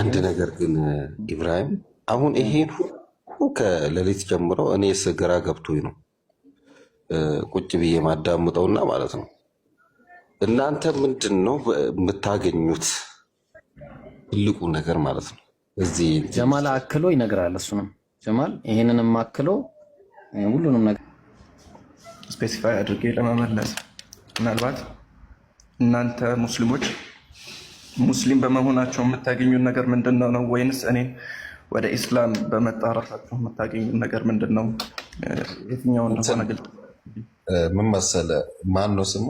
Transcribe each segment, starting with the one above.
አንድ ነገር ግን ኢብራሂም፣ አሁን ይሄን ሁሉ ከሌሊት ጀምሮ እኔ ስግራ ገብቶኝ ነው ቁጭ ብዬ ማዳምጠውና ማለት ነው። እናንተ ምንድን ነው የምታገኙት ትልቁ ነገር ማለት ነው? እዚህ ጀማል አክሎ ይነግራል። እሱንም ጀማል ይሄንንም አክሎ ሁሉንም ነገር ስፔሲፋይ አድርጌ ለመመለስ ምናልባት እናንተ ሙስሊሞች ሙስሊም በመሆናቸው የምታገኙት ነገር ምንድን ነው? ወይንስ እኔን ወደ ኢስላም በመጣራታቸው የምታገኙት ነገር ምንድን ነው? የትኛውን ሆነ ግል ምን መሰለህ? ማን ነው ስሙ?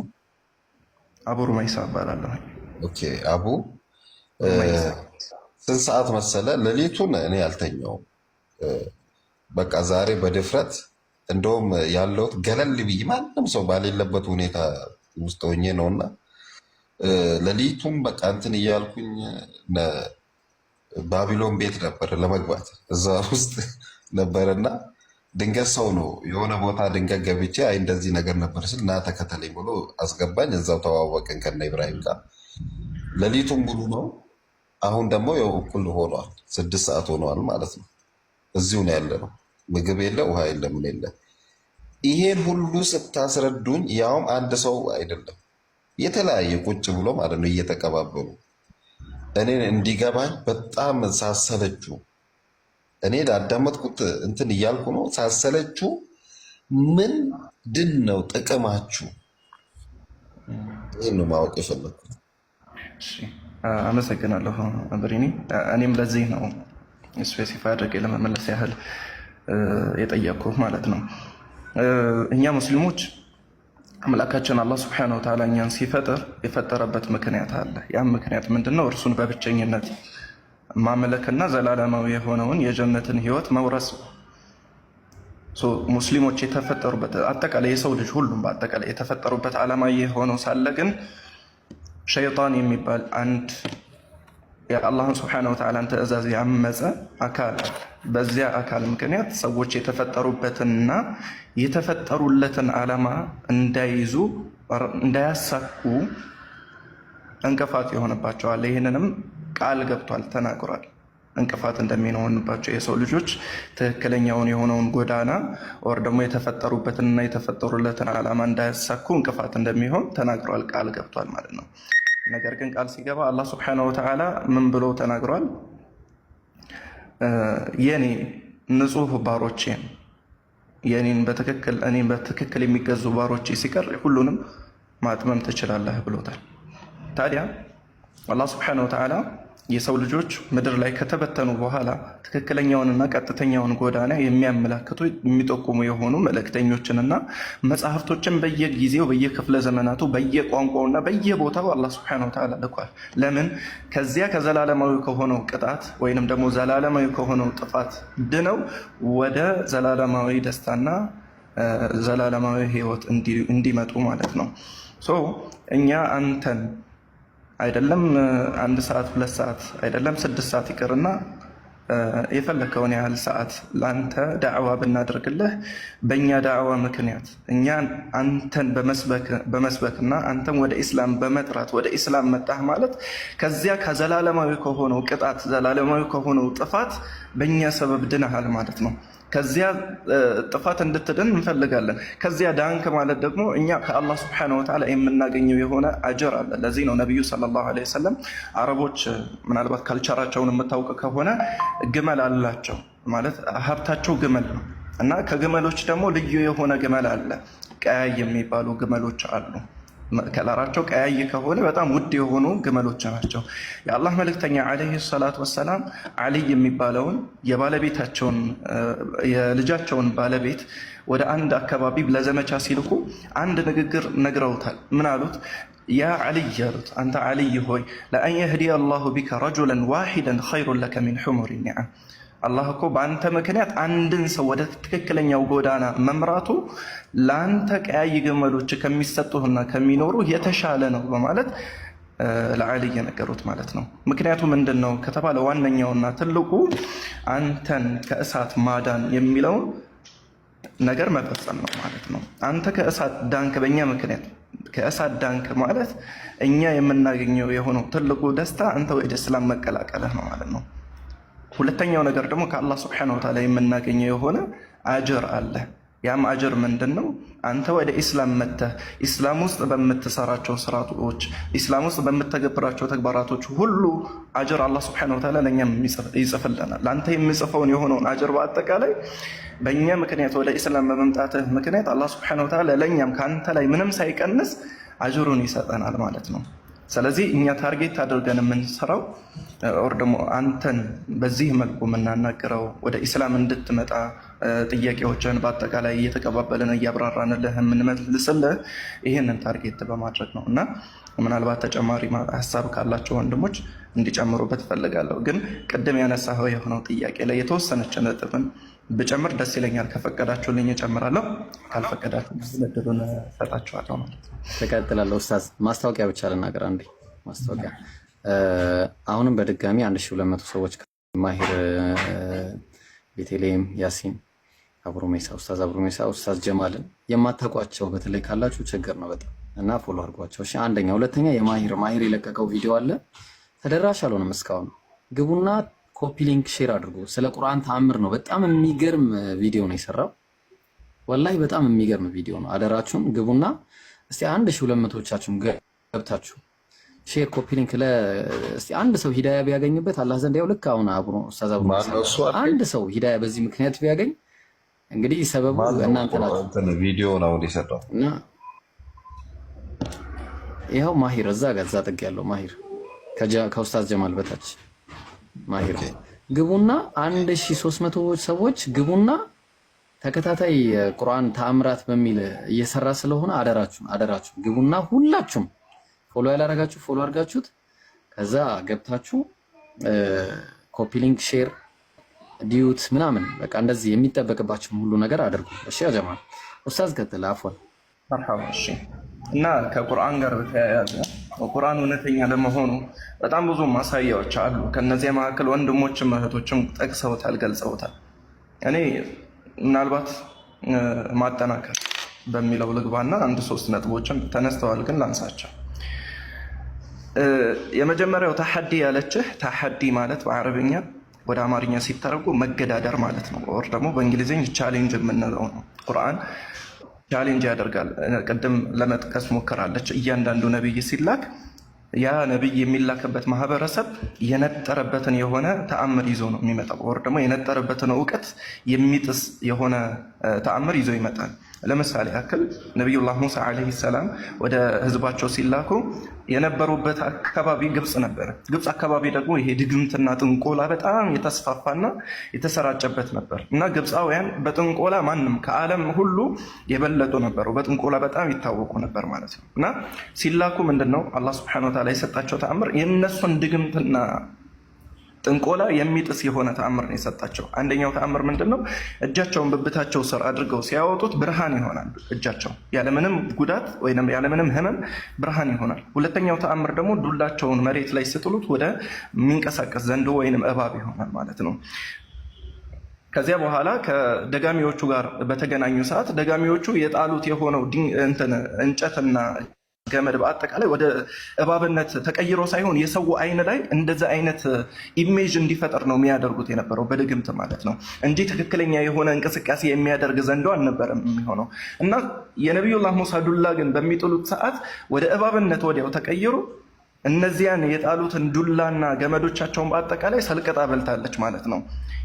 አቡ ሩመይሳ እባላለሁ። ኦኬ አቡ ስንት ሰዓት መሰለ? ሌሊቱን እኔ አልተኛውም። በቃ ዛሬ በድፍረት እንደውም ያለሁት ገለል ብዬ ማንም ሰው ባሌለበት ሁኔታ ውስጥ ሆኜ ነውና ለሊቱም በቃ እንትን እያልኩኝ ባቢሎን ቤት ነበር ለመግባት እዛ ውስጥ ነበርና ድንገት ሰው ነው የሆነ ቦታ ድንገት ገብቼ አይ እንደዚህ ነገር ነበር ስል ና ተከተለኝ ብሎ አስገባኝ። እዛው ተዋወቅን ከነ ኢብራሂም ጋር ለሊቱም ሙሉ ነው። አሁን ደግሞ ያው እኩል ሆኗል፣ ስድስት ሰዓት ሆኗል ማለት ነው። እዚሁ ነው ያለ ነው። ምግብ የለ፣ ውሃ የለ፣ ምን የለ። ይሄን ሁሉ ስታስረዱኝ ያውም አንድ ሰው አይደለም የተለያየ ቁጭ ብሎ ማለት ነው እየተቀባበሉ እኔን እንዲገባኝ በጣም ሳሰለችው እኔ ላዳመጥኩት እንትን እያልኩ ነው። ሳሰለችው ምንድን ነው ጥቅማችሁ? ይህን ነው ማወቅ የፈለግኩት። አመሰግናለሁ ብሪኒ። እኔም ለዚህ ነው ስፔሲፋይ አድርጌ ለመመለስ ያህል የጠየቅኩ ማለት ነው እኛ ሙስሊሞች አምላካችን አላህ ስብሐነሁ ወተዓላ እኛን ሲፈጥር የፈጠረበት ምክንያት አለ። ያም ምክንያት ምንድነው እርሱን በብቸኝነት ማምለክና ዘላለማዊ የሆነውን የጀነትን ህይወት መውረስ ሙስሊሞች የተፈጠሩበት አጠቃላይ የሰው ልጅ ሁሉም በአጠቃላይ የተፈጠሩበት ዓላማ የሆነው ሳለ ግን ሸይጣን የሚባል አንድ የአላህን ስብሐነ ወተዓላን ትእዛዝ ያመፀ አካል በዚያ አካል ምክንያት ሰዎች የተፈጠሩበትንና የተፈጠሩለትን ዓላማ እንዳይዙ እንዳያሳኩ እንቅፋት ይሆንባቸዋል። ይህንንም ቃል ገብቷል፣ ተናግሯል። እንቅፋት እንደሚሆንባቸው የሰው ልጆች ትክክለኛውን የሆነውን ጎዳና ወር ደግሞ የተፈጠሩበትንና የተፈጠሩለትን ዓላማ እንዳያሳኩ እንቅፋት እንደሚሆን ተናግሯል፣ ቃል ገብቷል ማለት ነው። ነገር ግን ቃል ሲገባ አላህ ስብሐነሁ ወተዓላ ምን ብሎ ተናግሯል? የኔ ንጹህ ባሮቼን የኔን በትክክል እኔን በትክክል የሚገዙ ባሮቼ ሲቀር ሁሉንም ማጥመም ትችላለህ ብሎታል። ታዲያ አላህ ስብሐነሁ ወተዓላ የሰው ልጆች ምድር ላይ ከተበተኑ በኋላ ትክክለኛውንና ቀጥተኛውን ጎዳና የሚያመላክቱ የሚጠቁሙ የሆኑ መልእክተኞችንና መጽሐፍቶችን በየጊዜው በየክፍለ ዘመናቱ በየቋንቋውና በየቦታው አላህ ሱብሐነሁ ወተዓላ ልኳል። ለምን ከዚያ ከዘላለማዊ ከሆነው ቅጣት ወይንም ደግሞ ዘላለማዊ ከሆነው ጥፋት ድነው ወደ ዘላለማዊ ደስታና ዘላለማዊ ሕይወት እንዲመጡ ማለት ነው። እኛ አንተን አይደለም አንድ ሰዓት ሁለት ሰዓት አይደለም ስድስት ሰዓት ይቅርና የፈለከውን ያህል ሰዓት ለአንተ ዳዕዋ ብናደርግልህ በእኛ ዳዕዋ ምክንያት እኛ አንተን በመስበክና አንተን ወደ ኢስላም በመጥራት ወደ ኢስላም መጣህ ማለት ከዚያ ከዘላለማዊ ከሆነው ቅጣት ዘላለማዊ ከሆነው ጥፋት በእኛ ሰበብ ድናሃል ማለት ነው። ከዚያ ጥፋት እንድትድን እንፈልጋለን። ከዚያ ዳንክ ማለት ደግሞ እኛ ከአላህ ስብሐነ ወተዓላ የምናገኘው የሆነ አጀር አለ። ለዚህ ነው ነቢዩ ሰለላሁ ዐለይሂ ወሰለም አረቦች ምናልባት ካልቸራቸውን የምታውቅ ከሆነ ግመል አላቸው ማለት ሀብታቸው ግመል ነው እና ከግመሎች ደግሞ ልዩ የሆነ ግመል አለ። ቀያይ የሚባሉ ግመሎች አሉ። ከለራቸው ቀያይ ከሆነ በጣም ውድ የሆኑ ግመሎች ናቸው። የአላህ መልእክተኛ ዓለይሂ ሰላት ወሰላም አልይ የሚባለውን የባለቤታቸውን የልጃቸውን ባለቤት ወደ አንድ አካባቢ ለዘመቻ ሲልኩ አንድ ንግግር ነግረውታል። ምን አሉት? ያ አልይ አሉት፣ አንተ አልይ ሆይ ለአን አላሁ ቢከ ረጁለን ዋሂደን ኸይሩን ለከ ሚን ሑሙሪ ኒዓም አላህ እኮ በአንተ ምክንያት አንድን ሰው ወደ ትክክለኛው ጎዳና መምራቱ ለአንተ ቀያይ ገመዶች ከሚሰጡህና ከሚኖሩ የተሻለ ነው በማለት ለአሊ የነገሩት ማለት ነው። ምክንያቱ ምንድን ነው ከተባለ ዋነኛውና ትልቁ አንተን ከእሳት ማዳን የሚለውን ነገር መፈጸም ነው ማለት ነው። አንተ ከእሳት ዳንክ በእኛ ምክንያት ከእሳት ዳንክ ማለት እኛ የምናገኘው የሆነው ትልቁ ደስታ አንተ ወደ እስላም መቀላቀልህ ነው ማለት ነው። ሁለተኛው ነገር ደግሞ ከአላህ ስብሐነሁ ወተዓላ የምናገኘው የሆነ አጀር አለ። ያም አጀር ምንድን ነው? አንተ ወደ ኢስላም መተ ኢስላም ውስጥ በምትሰራቸው ስራዎች፣ ኢስላም ውስጥ በምተገብራቸው ተግባራቶች ሁሉ አጀር አላህ ስብሐነሁ ወተዓላ ለእኛም ይጽፍልናል። ለአንተ የሚጽፈውን የሆነውን አጀር በአጠቃላይ በእኛ ምክንያት ወደ ኢስላም በመምጣትህ ምክንያት አላህ ስብሐነሁ ወተዓላ ለእኛም ከአንተ ላይ ምንም ሳይቀንስ አጅሩን ይሰጠናል ማለት ነው። ስለዚህ እኛ ታርጌት አድርገን የምንሰራው ኦር ደግሞ አንተን በዚህ መልኩ የምናናግረው ወደ ኢስላም እንድትመጣ ጥያቄዎችን በአጠቃላይ እየተቀባበልን እያብራራንልህ የምንመልስልህ ይህንን ታርጌት በማድረግ ነው እና ምናልባት ተጨማሪ ሀሳብ ካላቸው ወንድሞች እንዲጨምሩበት እፈልጋለሁ። ግን ቅድም ያነሳኸው የሆነው ጥያቄ ላይ የተወሰነች ነጥብን ብጨምር ደስ ይለኛል። ከፈቀዳችሁልኝ እጨምራለሁ፣ ካልፈቀዳችሁ እድሉን እሰጣችኋለሁ ማለት ነው። እቀጥላለሁ። ኡስታዝ ማስታወቂያ ብቻ ልናገር። አንዴ ማስታወቂያ አሁንም በድጋሚ 1200 ሰዎች ማሄር ቤቴሌም ያሲን፣ አብሮሜሳ ኡስታዝ አብሮሜሳ፣ ኡስታዝ ጀማልን የማታውቋቸው በተለይ ካላችሁ ችግር ነው በጣም እና ፎሎ አድርጓቸው። እሺ አንደኛ። ሁለተኛ የማሄር ማሄር የለቀቀው ቪዲዮ አለ ተደራሽ አልሆነም እስካሁን ግቡና ኮፒ ሊንክ ሼር አድርጉ። ስለ ቁርአን ተአምር ነው። በጣም የሚገርም ቪዲዮ ነው የሰራው። ወላሂ በጣም የሚገርም ቪዲዮ ነው። አደራችሁም ግቡና እስቲ አንድ ሺህ ሁለት መቶዎቻችሁም ገብታችሁ ሼር ኮፒ ሊንክ ለ እስቲ አንድ ሰው ሂዳያ ቢያገኝበት አላህ ዘንድ ያው ልክ አሁን አብሮ ኡስታዝ አብሮ አንድ ሰው ሂዳያ በዚህ ምክንያት ቢያገኝ እንግዲህ ሰበቡ እናንተ ናችሁ። ቪዲዮ ነው የሰራው እና ይኸው ማሂር እዛ ጋር እዛ ጥግ ያለው ማሂር ከኡስታዝ ጀማል በታች ማሄር ግቡና አንድ ሺ ሶስት መቶ ሰዎች ግቡና ተከታታይ ቁርአን ተአምራት በሚል እየሰራ ስለሆነ አደራችሁ አደራችሁ ግቡና ሁላችሁም ፎሎ ያላረጋችሁ ፎሎ አድርጋችሁት ከዛ ገብታችሁ ኮፒ ሊንክ ሼር ዲዩት ምናምን በቃ እንደዚህ የሚጠበቅባችሁን ሁሉ ነገር አድርጉ። እሺ አጀማ ኡስታዝ፣ ቀጥል። አፎን መርሐባ። እሺ እና ከቁርአን ጋር በተያያዘ ቁርአን እውነተኛ ለመሆኑ በጣም ብዙ ማሳያዎች አሉ። ከነዚያ መካከል ወንድሞችም እህቶችም ጠቅሰውታል፣ ገልጸውታል። እኔ ምናልባት ማጠናከር በሚለው ልግባና አንድ ሶስት ነጥቦችም ተነስተዋል፣ ግን ላንሳቸው። የመጀመሪያው ታሐዲ ያለችህ ታሐዲ ማለት በአረብኛ ወደ አማርኛ ሲተረጉ መገዳደር ማለት ነው። ወር ደግሞ በእንግሊዝኛ ቻሌንጅ የምንለው ነው ቁርአን ቻሌንጅ ያደርጋል። ቅድም ለመጥቀስ ሞከራለች። እያንዳንዱ ነቢይ ሲላክ ያ ነቢይ የሚላክበት ማህበረሰብ የነጠረበትን የሆነ ተአምር ይዞ ነው የሚመጣው፣ ወር ደግሞ የነጠረበትን እውቀት የሚጥስ የሆነ ተአምር ይዞ ይመጣል። ለምሳሌ ያክል ነቢዩላህ ሙሳ ዓለይሂ ሰላም ወደ ህዝባቸው ሲላኩ የነበሩበት አካባቢ ግብፅ ነበር። ግብፅ አካባቢ ደግሞ ይሄ ድግምትና ጥንቆላ በጣም የተስፋፋና የተሰራጨበት ነበር እና ግብፃውያን በጥንቆላ ማንም ከዓለም ሁሉ የበለጡ ነበሩ። በጥንቆላ በጣም ይታወቁ ነበር ማለት ነው እና ሲላኩ ምንድን ነው አላህ ስብሐነሁ ወተዓላ የሰጣቸው ተአምር የእነሱን ድግምትና ጥንቆላ የሚጥስ የሆነ ተአምር ነው የሰጣቸው። አንደኛው ተአምር ምንድን ነው? እጃቸውን ብብታቸው ስር አድርገው ሲያወጡት ብርሃን ይሆናል። እጃቸው ያለምንም ጉዳት ወይም ያለምንም ህመም ብርሃን ይሆናል። ሁለተኛው ተአምር ደግሞ ዱላቸውን መሬት ላይ ስጥሉት ወደ የሚንቀሳቀስ ዘንዶ ወይንም እባብ ይሆናል ማለት ነው። ከዚያ በኋላ ከደጋሚዎቹ ጋር በተገናኙ ሰዓት ደጋሚዎቹ የጣሉት የሆነው እንጨትና ገመድ በአጠቃላይ ወደ እባብነት ተቀይሮ ሳይሆን የሰው አይን ላይ እንደዚ አይነት ኢሜጅ እንዲፈጠር ነው የሚያደርጉት የነበረው በድግምት ማለት ነው እንጂ ትክክለኛ የሆነ እንቅስቃሴ የሚያደርግ ዘንዶ አልነበረም የሚሆነው እና የነቢዩላህ ሙሳ ዱላ ግን በሚጥሉት ሰዓት ወደ እባብነት ወዲያው ተቀይሮ እነዚያን የጣሉትን ዱላና ገመዶቻቸውን በአጠቃላይ ሰልቅጣ በልታለች ማለት ነው።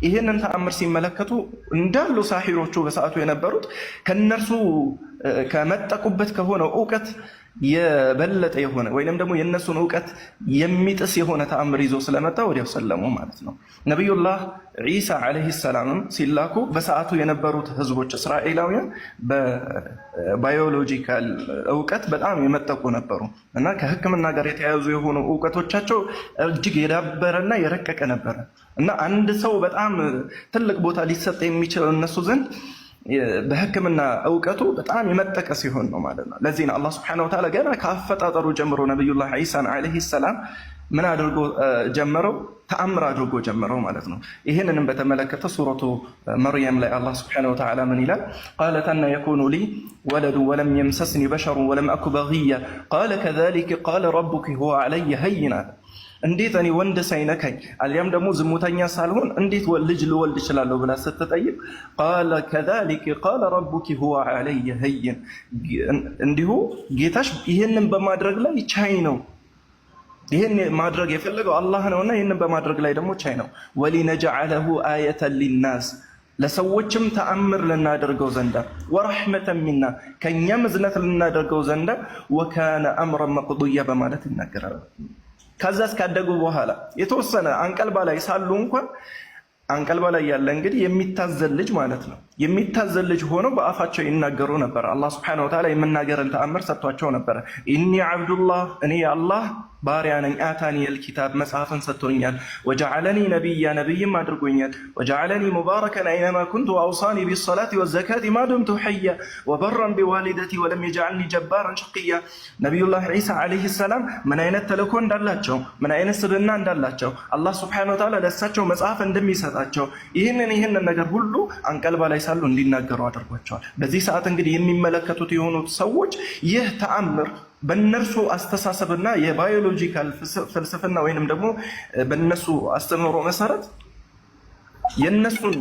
ይህንን ተአምር ሲመለከቱ እንዳሉ ሳሂሮቹ በሰዓቱ የነበሩት ከነርሱ ከመጠቁበት ከሆነው እውቀት የበለጠ የሆነ ወይንም ደግሞ የእነሱን እውቀት የሚጥስ የሆነ ተአምር ይዞ ስለመጣ ወዲያው ሰለሙ ማለት ነው። ነቢዩላህ ዒሳ ዓለይሂ ሰላምም ሲላኩ በሰዓቱ የነበሩት ህዝቦች እስራኤላውያን በባዮሎጂካል እውቀት በጣም የመጠቁ ነበሩ እና ከህክምና ጋር የተያያዙ የሆኑ እውቀቶቻቸው እጅግ የዳበረና የረቀቀ ነበረ እና አንድ ሰው በጣም ትልቅ ቦታ ሊሰጥ የሚችለው እነሱ ዘንድ በህክምና እውቀቱ በጣም የመጠቀ ሲሆን ነው ማለት ነው። ለዚህ ነው አላህ ስብሐነሁ ወተዓላ ገና ከአፈጣጠሩ ጀምሮ ነቢዩላህ ዒሳን ዓለይሂ ሰላም ምን አድርጎ ጀመረው? ተአምር አድርጎ ጀመረው ማለት ነው። ይህንንም በተመለከተ ሱረቱ መርየም ላይ አላህ ስብሐነሁ ወተዓላ ምን ይላል? ቃለት አና የኩኑ ሊ ወለዱ ወለም የምሰስኒ በሸሩ ወለም አኩ በግያ ቃለ ከዛሊከ ቃለ ረቡክ ሁወ ዓለየ ሀይን አለ እንዴት እኔ ወንድ ሳይነካኝ አልያም ደግሞ ዝሙተኛ ሳልሆን እንዴት ልጅ ልወልድ እችላለሁ ብላ ስትጠይቅ ቃለ ከዛሊክ ቃለ ረቡኪ ሁወ ዐለየ ሀይን፣ እንዲሁ ጌታሽ ይህንን በማድረግ ላይ ቻይ ነው። ይህን ማድረግ የፈለገው አላህ ነውና ይህንን በማድረግ ላይ ደግሞ ቻይ ነው። ወሊነጅዐለሁ አየተን ሊናስ ለሰዎችም ተአምር ልናደርገው ዘንዳ ወረሕመተን ሚና ከእኛም እዝነት ልናደርገው ዘንዳ ወካነ አምረን መቅዱያ በማለት ይናገራል። ከዛ እስካደጉ በኋላ የተወሰነ አንቀልባ ላይ ሳሉ እንኳን አንቀልባ ላይ ያለ እንግዲህ የሚታዘል ልጅ ማለት ነው። የሚታዘል ልጅ ሆኖ በአፋቸው ይናገሩ ነበር። አላህ ስብሐነሁ ወተዓላ የመናገርን ተአምር ሰጥቷቸው ነበረ። ኢኒ አብዱላህ እኔ አላህ ባሪያ ነኝ። አታኒ አልኪታብ መጽሐፍን ሰጥቶኛል። ወጀዓለኒ ነቢያ ነቢይም አድርጎኛል። ወጀዓለኒ ሙባረከን አይነማ ኩንቱ አውሳኒ ቢሰላት ወዘካት ማዱምቱ ሐያ ወበራን ቢዋሊደቲ ወለም የጀዓልኒ ጀባራን ሸቅያ። ነቢዩላህ ዒሳ ዓለይሂ ሰላም ምን አይነት ተልእኮ እንዳላቸው፣ ምን አይነት ስብና እንዳላቸው አላህ ሱብሓነሁ ወተዓላ ለእሳቸው መጽሐፍ እንደሚሰጣቸው ይህንን ይህንን ነገር ሁሉ አንቀልባ ላይ ሳሉ እንዲናገሩ አድርጓቸዋል። በዚህ ሰዓት እንግዲህ የሚመለከቱት የሆኑት ሰዎች ይህ ተአምር በነርሱ አስተሳሰብና የባዮሎጂካል ፍልስፍና ወይንም ደግሞ በነሱ አስተምህሮ መሰረት የነሱን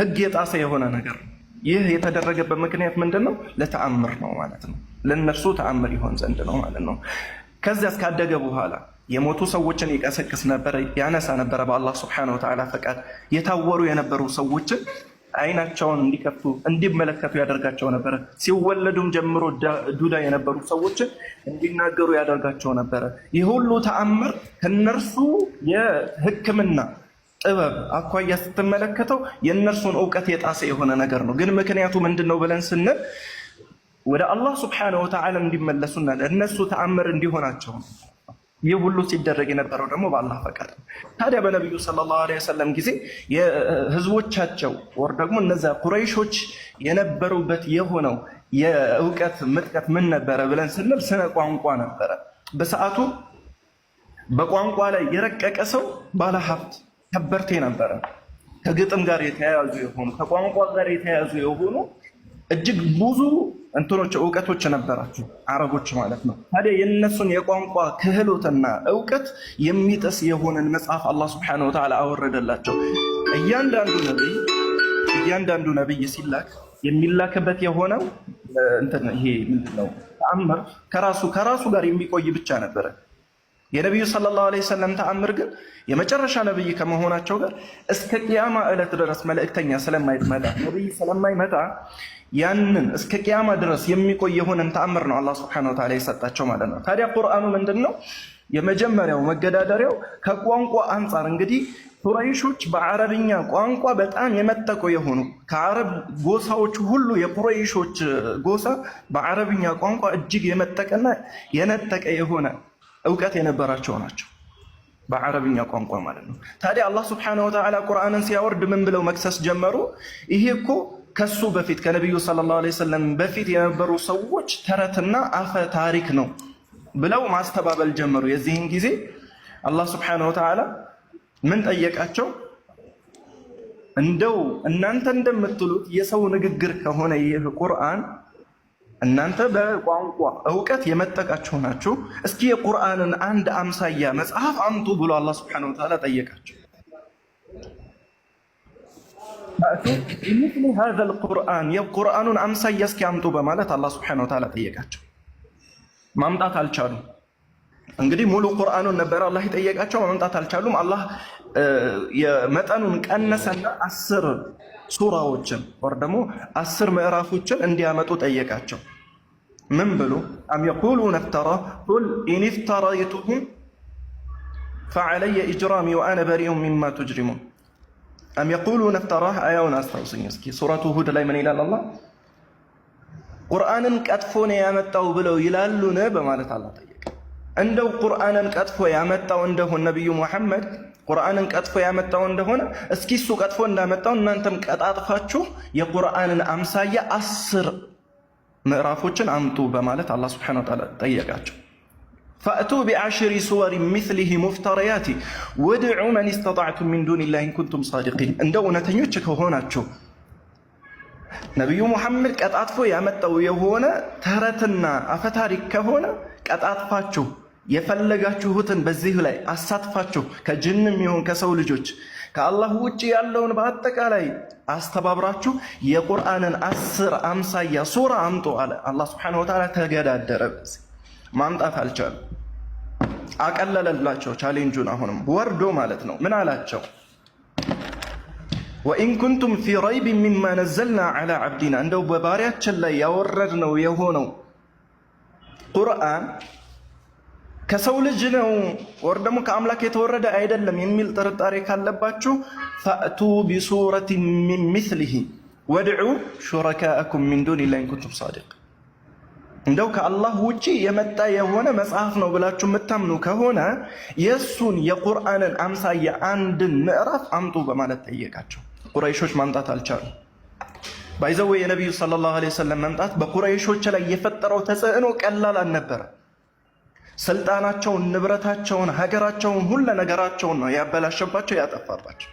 ህግ የጣሰ የሆነ ነገር ነው። ይህ የተደረገበት ምክንያት ምንድን ነው? ለተአምር ነው ማለት ነው። ለነርሱ ተአምር ይሆን ዘንድ ነው ማለት ነው። ከዚያስ እስካደገ በኋላ የሞቱ ሰዎችን ይቀሰቅስ ነበረ፣ ያነሳ ነበረ። በአላህ ስብሐነሁ ወተዓላ ፈቃድ የታወሩ የነበሩ ሰዎችን አይናቸውን እንዲከፍቱ እንዲመለከቱ ያደርጋቸው ነበረ። ሲወለዱም ጀምሮ ዱዳ የነበሩ ሰዎችን እንዲናገሩ ያደርጋቸው ነበረ። ይህ ሁሉ ተአምር ከነርሱ የሕክምና ጥበብ አኳያ ስትመለከተው የእነርሱን እውቀት የጣሰ የሆነ ነገር ነው። ግን ምክንያቱ ምንድን ነው ብለን ስንል ወደ አላህ ስብሓነሁ ወተዓላ እንዲመለሱና ለእነሱ ተአምር እንዲሆናቸው ነው። ይህ ሁሉ ሲደረግ የነበረው ደግሞ በአላህ ፈቃድ። ታዲያ በነቢዩ ሰለላሁ ዐለይሂ ወሰለም ጊዜ የህዝቦቻቸው ወር ደግሞ እነዛ ቁረይሾች የነበሩበት የሆነው የእውቀት ምጥቀት ምን ነበረ ብለን ስንል ስነ ቋንቋ ነበረ። በሰዓቱ በቋንቋ ላይ የረቀቀ ሰው ባለሀብት ከበርቴ ነበረ። ከግጥም ጋር የተያያዙ የሆኑ ከቋንቋ ጋር የተያያዙ የሆኑ እጅግ ብዙ እንትኖች እውቀቶች ነበራቸው አረቦች ማለት ነው። ታዲያ የእነሱን የቋንቋ ክህሎትና እውቀት የሚጥስ የሆነን መጽሐፍ አላህ ስብሐነሁ ወተዓላ አወረደላቸው። እያንዳንዱ ነቢይ እያንዳንዱ ነቢይ ሲላክ የሚላክበት የሆነው ይሄ ምንድን ነው? ተአምር ከራሱ ከራሱ ጋር የሚቆይ ብቻ ነበረ። የነቢዩ ሰለላሁ ዐለይሂ ወሰለም ተአምር ግን የመጨረሻ ነቢይ ከመሆናቸው ጋር እስከ ቅያማ ዕለት ድረስ መልእክተኛ ስለማይመጣ ነቢይ ስለማይመጣ ያንን እስከ ቅያማ ድረስ የሚቆይ የሆነን ተአምር ነው አላህ ስብሐነሁ ወተዓላ የሰጣቸው ማለት ነው። ታዲያ ቁርአኑ ምንድን ነው? የመጀመሪያው መገዳደሪያው ከቋንቋ አንጻር እንግዲህ ቁረይሾች በአረብኛ ቋንቋ በጣም የመጠቁ የሆኑ ከአረብ ጎሳዎች ሁሉ የቁረይሾች ጎሳ በአረብኛ ቋንቋ እጅግ የመጠቀና የነጠቀ የሆነ እውቀት የነበራቸው ናቸው። በአረብኛ ቋንቋ ማለት ነው። ታዲያ አላህ ስብሐነሁ ወተዓላ ቁርአንን ሲያወርድ ምን ብለው መክሰስ ጀመሩ? ይሄ እኮ ከሱ በፊት ከነቢዩ ሰለላሁ ዐለይሂ ወሰለም በፊት የነበሩ ሰዎች ተረትና አፈ ታሪክ ነው ብለው ማስተባበል ጀመሩ። የዚህን ጊዜ አላህ ሱብሓነሁ ወተዓላ ምን ጠየቃቸው? እንደው እናንተ እንደምትሉት የሰው ንግግር ከሆነ ይህ ቁርአን እናንተ በቋንቋ እውቀት የመጠቃችሁ ናችሁ። እስኪ የቁርአንን አንድ አምሳያ መጽሐፍ አምጡ ብሎ አላህ ሱብሓነሁ ወተዓላ ጠየቃቸው። ሚስሊ ሀዘል ቁርአን የቁርአኑን አምሳያ እስኪ አምጡ በማለት አላህ ሱብሓነሁ ወተዓላ ጠየቃቸው። ማምጣት አልቻሉም። እንግዲህ ሙሉ ቁርአኑን ነበረ አላህ የጠየቃቸው፣ ማምጣት አልቻሉም። አላህ የመጠኑን ቀነሰና አስር ሱራዎችን ወር ደግሞ አስር ምዕራፎችን እንዲያመጡ ጠየቃቸው። ምን ብሎ አም የቁሉነ ፍተራ ቁል ኢን ፍተረይቱሁ ፈዐለየ ኢጅራሚ ወአነ በሪኡን ሚማ ቱጅሪሙን አም የቁሉነ ፍተራህ አያውን አስታውሰኝ እስኪ ሱረቱ ሁድ ላይ ምን ይላል አላህ ቁርአንን ቀጥፎ ነው ያመጣው ብለው ይላሉን በማለት አላህ ጠየቀ እንደው ቁርአንን ቀጥፎ ያመጣው እንደሆነ ነቢዩ ሙሐመድ ቁርአንን ቀጥፎ ያመጣው እንደሆነ እስኪ እሱ ቀጥፎ እንዳመጣው እናንተም ቀጣጥፋችሁ የቁርአንን አምሳያ አስር ምዕራፎችን አምጡ በማለት አላህ ሱብሓነሁ ወተዓላ ጠየቃቸው ፈእቱ ቢአሽሪ ሱወሪ ሚስሊሂ ሙፍተሪያቲ ወድዑ መን ስተጣዕቱም ሚን ዱኒላህ ኢንኩንቱም ሳዲቂን። እንደ እውነተኞች ከሆናችሁ ነቢዩ ሙሐመድ ቀጣጥፎ ያመጣው የሆነ ተረትና አፈታሪክ ከሆነ ቀጣጥፋችሁ የፈለጋችሁትን በዚህ ላይ አሳትፋችሁ ከጅንም ይሁን ከሰው ልጆች ከአላህ ውጭ ያለውን በአጠቃላይ አስተባብራችሁ የቁርአንን አስር አምሳያ ሱራ አምጡ አለ አላህ ሱብሓነሁ ወተዓላ ተገዳደረ። ማምጣት አልቻሉ። አቀለለላቸው ቻሌንጁን። አሁንም ወርዶ ማለት ነው ምን አላቸው? ወኢን ኩንቱም ፊ ረይብ ሚማ ነዘልና ዐላ ዐብዲና እንደው በባሪያችን ላይ ያወረድነው የሆነው ቁርአን ከሰው ልጅ ነው ወር ደግሞ ከአምላክ የተወረደ አይደለም የሚል ጥርጣሬ ካለባችሁ ፈእቱ ቢሱረቲን ሚን ሚስሊሂ ወድዑ ሹረካአኩም ሚን ዱኒላህ ኢን ኩንቱም ሳዲቅ እንደው ከአላህ ውጪ የመጣ የሆነ መጽሐፍ ነው ብላችሁ የምታምኑ ከሆነ የእሱን የቁርአንን አምሳያ አንድን ምዕራፍ አምጡ በማለት ጠየቃቸው። ቁረይሾች ማምጣት አልቻሉ። ባይዘወ የነቢዩ ሰለላሁ ዐለይሂ ወሰለም መምጣት በቁረይሾች ላይ የፈጠረው ተጽዕኖ ቀላል አልነበረ። ስልጣናቸውን፣ ንብረታቸውን፣ ሀገራቸውን፣ ሁለ ነገራቸውን ነው ያበላሸባቸው፣ ያጠፋባቸው።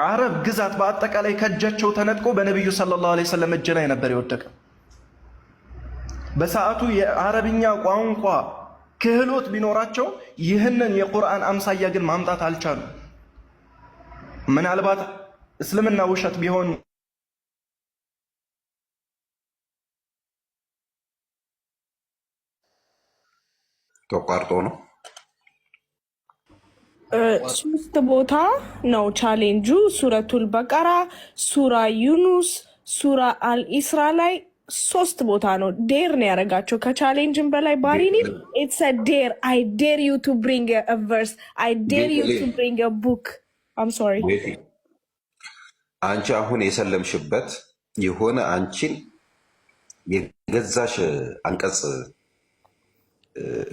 አረብ ግዛት በአጠቃላይ ከእጃቸው ተነጥቆ በነቢዩ ሰለላሁ ዐለይሂ ወሰለም እጅ ላይ ነበር የወደቀ። በሰዓቱ የአረብኛ ቋንቋ ክህሎት ቢኖራቸው ይህንን የቁርአን አምሳያ ግን ማምጣት አልቻሉ ምናልባት እስልምና ውሸት ቢሆን ተቋርጦ ነው። ሶስት ቦታ ነው ቻሌንጁ። ሱረቱል በቀራ፣ ሱራ ዩኑስ፣ ሱራ አልኢስራ ላይ ሶስት ቦታ ነው ዴር ነው ያደረጋቸው። ከቻሌንጅን በላይ ባሪኒ ኢትስ ዴር አይ ዴር ዩ ቱ ብሪንግ ቨርስ አይ ዴር ዩ ቱ ብሪንግ ቡክ አም ሶሪ። አንቺ አሁን የሰለምሽበት የሆነ አንቺን የገዛሽ አንቀጽ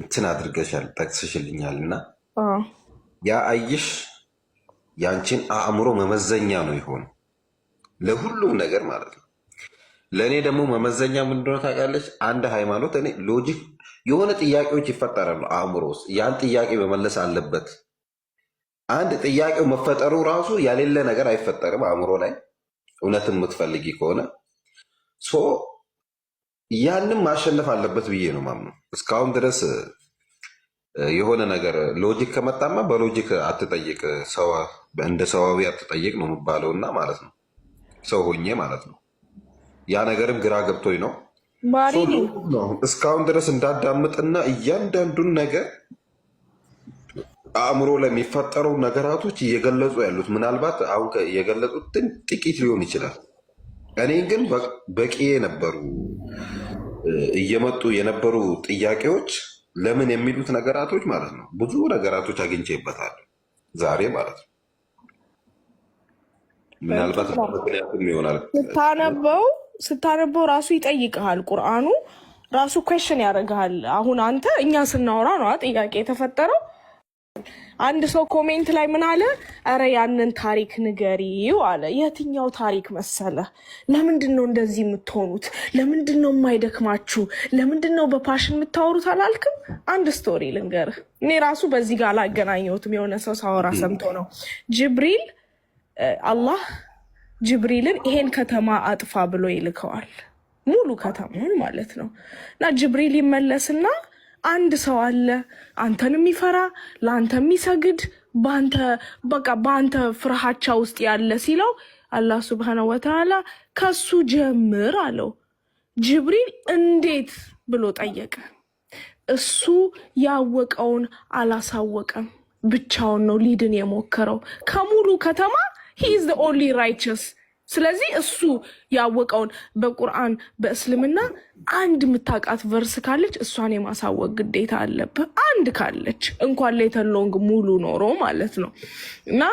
እንትን አድርገሻል ጠቅስሽልኛል እና ያ አይሽ ያንቺን አእምሮ መመዘኛ ነው የሆነው ለሁሉም ነገር ማለት ነው። ለእኔ ደግሞ መመዘኛ ምንድን ታውቃለች? አንድ ሃይማኖት እኔ ሎጂክ የሆነ ጥያቄዎች ይፈጠራሉ አእምሮ ውስጥ ያን ጥያቄ መመለስ አለበት። አንድ ጥያቄው መፈጠሩ ራሱ ያሌለ ነገር አይፈጠርም አእምሮ ላይ እውነትን የምትፈልጊ ከሆነ ያንም ማሸነፍ አለበት ብዬ ነው ማምነው እስካሁን ድረስ የሆነ ነገር ሎጂክ ከመጣማ በሎጂክ አትጠይቅ፣ እንደ ሰዋዊ አትጠይቅ ነው የሚባለው እና ማለት ነው። ሰው ሆኜ ማለት ነው። ያ ነገርም ግራ ገብቶኝ ነው እስካሁን ድረስ እንዳዳምጥና እያንዳንዱን ነገር አእምሮ ለሚፈጠረው ነገራቶች እየገለጹ ያሉት ምናልባት አሁን የገለጹትን ጥቂት ሊሆን ይችላል። እኔ ግን በቂ የነበሩ እየመጡ የነበሩ ጥያቄዎች ለምን የሚሉት ነገራቶች ማለት ነው። ብዙ ነገራቶች አግኝቼበታል ዛሬ ማለት ነው። ምናልባት ምክንያቱም ይሆናል ስታነበው ስታነበው ራሱ ይጠይቅሃል ቁርአኑ ራሱ ኮሽን ያደርግሃል። አሁን አንተ እኛ ስናወራ ነዋ ጥያቄ የተፈጠረው አንድ ሰው ኮሜንት ላይ ምን አለ? ኧረ ያንን ታሪክ ንገሪው አለ። የትኛው ታሪክ መሰለ? ለምንድን ነው እንደዚህ የምትሆኑት? ለምንድን ነው የማይደክማችሁ? ለምንድን ነው በፓሽን የምታወሩት አላልክም? አንድ ስቶሪ ልንገርህ። እኔ ራሱ በዚህ ጋር አላገናኘሁትም። የሆነ ሰው ሳወራ ሰምቶ ነው ጅብሪል አላህ ጅብሪልን ይሄን ከተማ አጥፋ ብሎ ይልከዋል። ሙሉ ከተማውን ማለት ነው እና ጅብሪል ይመለስና አንድ ሰው አለ አንተን የሚፈራ ለአንተ የሚሰግድ በአንተ በቃ በአንተ ፍርሃቻ ውስጥ ያለ ሲለው አላህ ስብሐነ ወተዓላ ከሱ ጀምር አለው። ጅብሪል እንዴት ብሎ ጠየቀ። እሱ ያወቀውን አላሳወቀም። ብቻውን ነው ሊድን የሞከረው ከሙሉ ከተማ ሂ ኢዝ ኦንሊ ራይቸስ ስለዚህ እሱ ያወቀውን በቁርአን በእስልምና አንድ የምታውቃት ቨርስ ካለች እሷን የማሳወቅ ግዴታ አለብህ። አንድ ካለች እንኳን ሌተሎንግ ሙሉ ኖሮ ማለት ነው። እና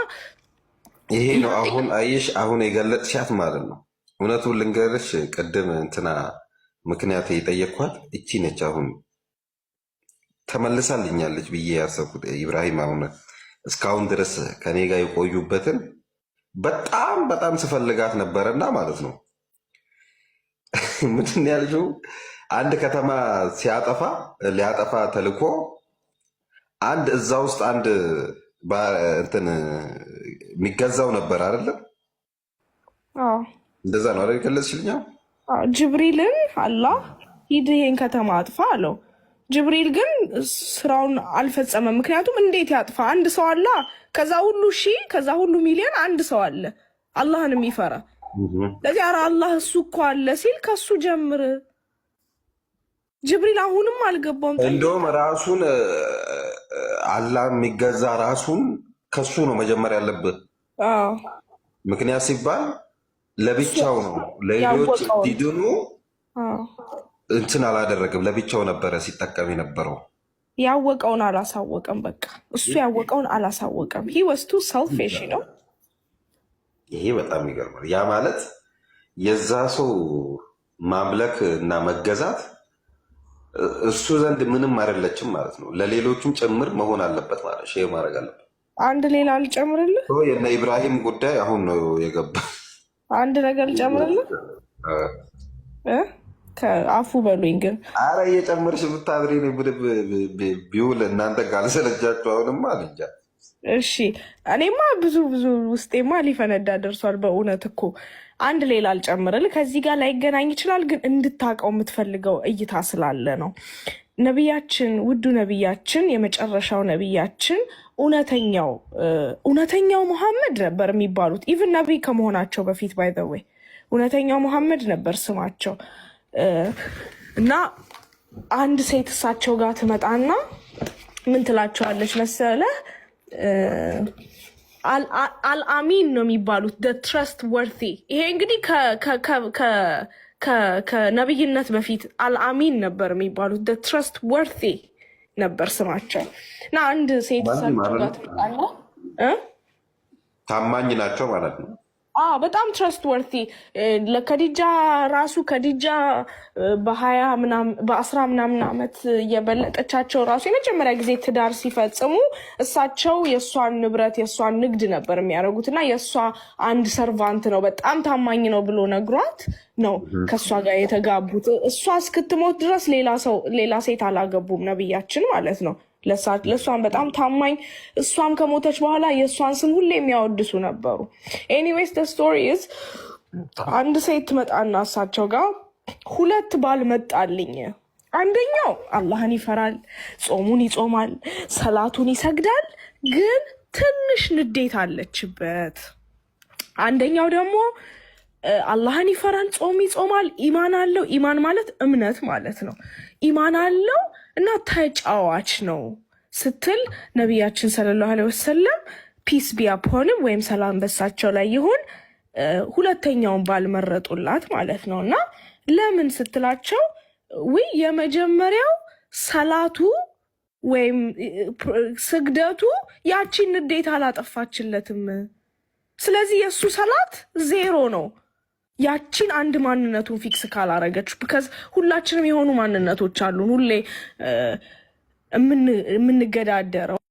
ይሄ ነው አሁን አየሽ፣ አሁን የገለጥሻት ማለት ነው። እውነቱን ልንገርሽ፣ ቅድም እንትና ምክንያት የጠየኳት እቺ ነች። አሁን ተመልሳልኛለች ብዬ ያሰብኩት ኢብራሂም አሁን እስካሁን ድረስ ከኔ ጋር የቆዩበትን በጣም በጣም ስፈልጋት ነበረና ማለት ነው። ምንድን ያልሽው? አንድ ከተማ ሲያጠፋ ሊያጠፋ ተልኮ አንድ እዛ ውስጥ አንድ እንትን የሚገዛው ነበር አይደለም? እንደዛ ነው አይደል? ገለጽሽልኛ። ጅብሪልን አላህ ሂድ ይሄን ከተማ አጥፋ አለው። ጅብሪል ግን ስራውን አልፈጸመም። ምክንያቱም እንዴት ያጥፋ? አንድ ሰው አለ። ከዛ ሁሉ ሺ ከዛ ሁሉ ሚሊዮን አንድ ሰው አለ አላህን የሚፈራ ለዚህ አረ አላህ እሱ እኮ አለ ሲል ከሱ ጀምር። ጅብሪል አሁንም አልገባውም። እንደውም ራሱን አላህ የሚገዛ ራሱን ከሱ ነው መጀመር ያለብህ። ምክንያት ሲባል ለብቻው ነው ለሌሎች እንዲድኑ እንትን አላደረግም። ለብቻው ነበረ ሲጠቀም የነበረው። ያወቀውን አላሳወቀም። በቃ እሱ ያወቀውን አላሳወቀም። ወስቱ ሰልፌሽ ነው። ይሄ በጣም ይገርማል። ያ ማለት የዛ ሰው ማምለክ እና መገዛት እሱ ዘንድ ምንም አይደለችም ማለት ነው። ለሌሎቹም ጭምር መሆን አለበት ማለት ሼር ማድረግ አለበት። አንድ ሌላ ልጨምርልህ፣ የነ ኢብራሂም ጉዳይ አሁን ነው የገባ። አንድ ነገር ልጨምርልህ ከአፉ በሉኝ ግን አረ እየጨመርሽ ብታድሪ ቢውል እናንተ ካልሰለቻችሁ አሁንማ እንጃ። እሺ እኔማ ብዙ ብዙ ውስጤማ ሊፈነዳ ደርሷል። በእውነት እኮ አንድ ሌላ አልጨምርል ከዚህ ጋር ላይገናኝ ይችላል፣ ግን እንድታውቀው የምትፈልገው እይታ ስላለ ነው። ነቢያችን ውዱ ነቢያችን የመጨረሻው ነቢያችን እውነተኛው እውነተኛው መሐመድ ነበር የሚባሉት ኢቭን ነቢይ ከመሆናቸው በፊት ባይ ዘ እውነተኛው መሐመድ ነበር ስማቸው። እና አንድ ሴት እሳቸው ጋር ትመጣና ምን ትላቸዋለች መሰለ አልአሚን ነው የሚባሉት ደ ትረስት ወርቲ ይሄ እንግዲህ ከነብይነት በፊት አልአሚን ነበር የሚባሉት ትረስት ወርቲ ነበር ስማቸው እና አንድ ሴት እሳቸው ጋር ትመጣና ታማኝ ናቸው ማለት ነው በጣም ትረስት ወርቲ ከዲጃ ራሱ ከዲጃ በሀያ በአስራ ምናምን ዓመት የበለጠቻቸው ራሱ የመጀመሪያ ጊዜ ትዳር ሲፈጽሙ እሳቸው የእሷን ንብረት የእሷን ንግድ ነበር የሚያደርጉት እና የእሷ አንድ ሰርቫንት ነው በጣም ታማኝ ነው ብሎ ነግሯት ነው ከእሷ ጋር የተጋቡት። እሷ እስክትሞት ድረስ ሌላ ሰው ሌላ ሴት አላገቡም ነብያችን ማለት ነው። ለእሷን በጣም ታማኝ እሷም ከሞተች በኋላ የእሷን ስም ሁሌ የሚያወድሱ ነበሩ። ኤኒዌይስ ደ ስቶሪ ኢዝ አንድ ሴት ትመጣና እሳቸው ጋር ሁለት ባል መጣልኝ። አንደኛው አላህን ይፈራል፣ ጾሙን ይጾማል፣ ሰላቱን ይሰግዳል፣ ግን ትንሽ ንዴት አለችበት። አንደኛው ደግሞ አላህን ይፈራል፣ ጾም ይጾማል፣ ኢማን አለው። ኢማን ማለት እምነት ማለት ነው። ኢማን አለው እና ተጫዋች ነው ስትል ነቢያችን ሰለላሁ ዐለይሂ ወሰለም ፒስ ቢያፖንም ወይም ሰላም በሳቸው ላይ ይሁን ሁለተኛውን ባልመረጡላት ማለት ነው። እና ለምን ስትላቸው ውይ የመጀመሪያው ሰላቱ ወይም ስግደቱ ያቺን ንዴት አላጠፋችለትም። ስለዚህ የእሱ ሰላት ዜሮ ነው። ያቺን አንድ ማንነቱን ፊክስ ካላረገች ብከዝ ሁላችንም የሆኑ ማንነቶች አሉን ሁሌ የምንገዳደረው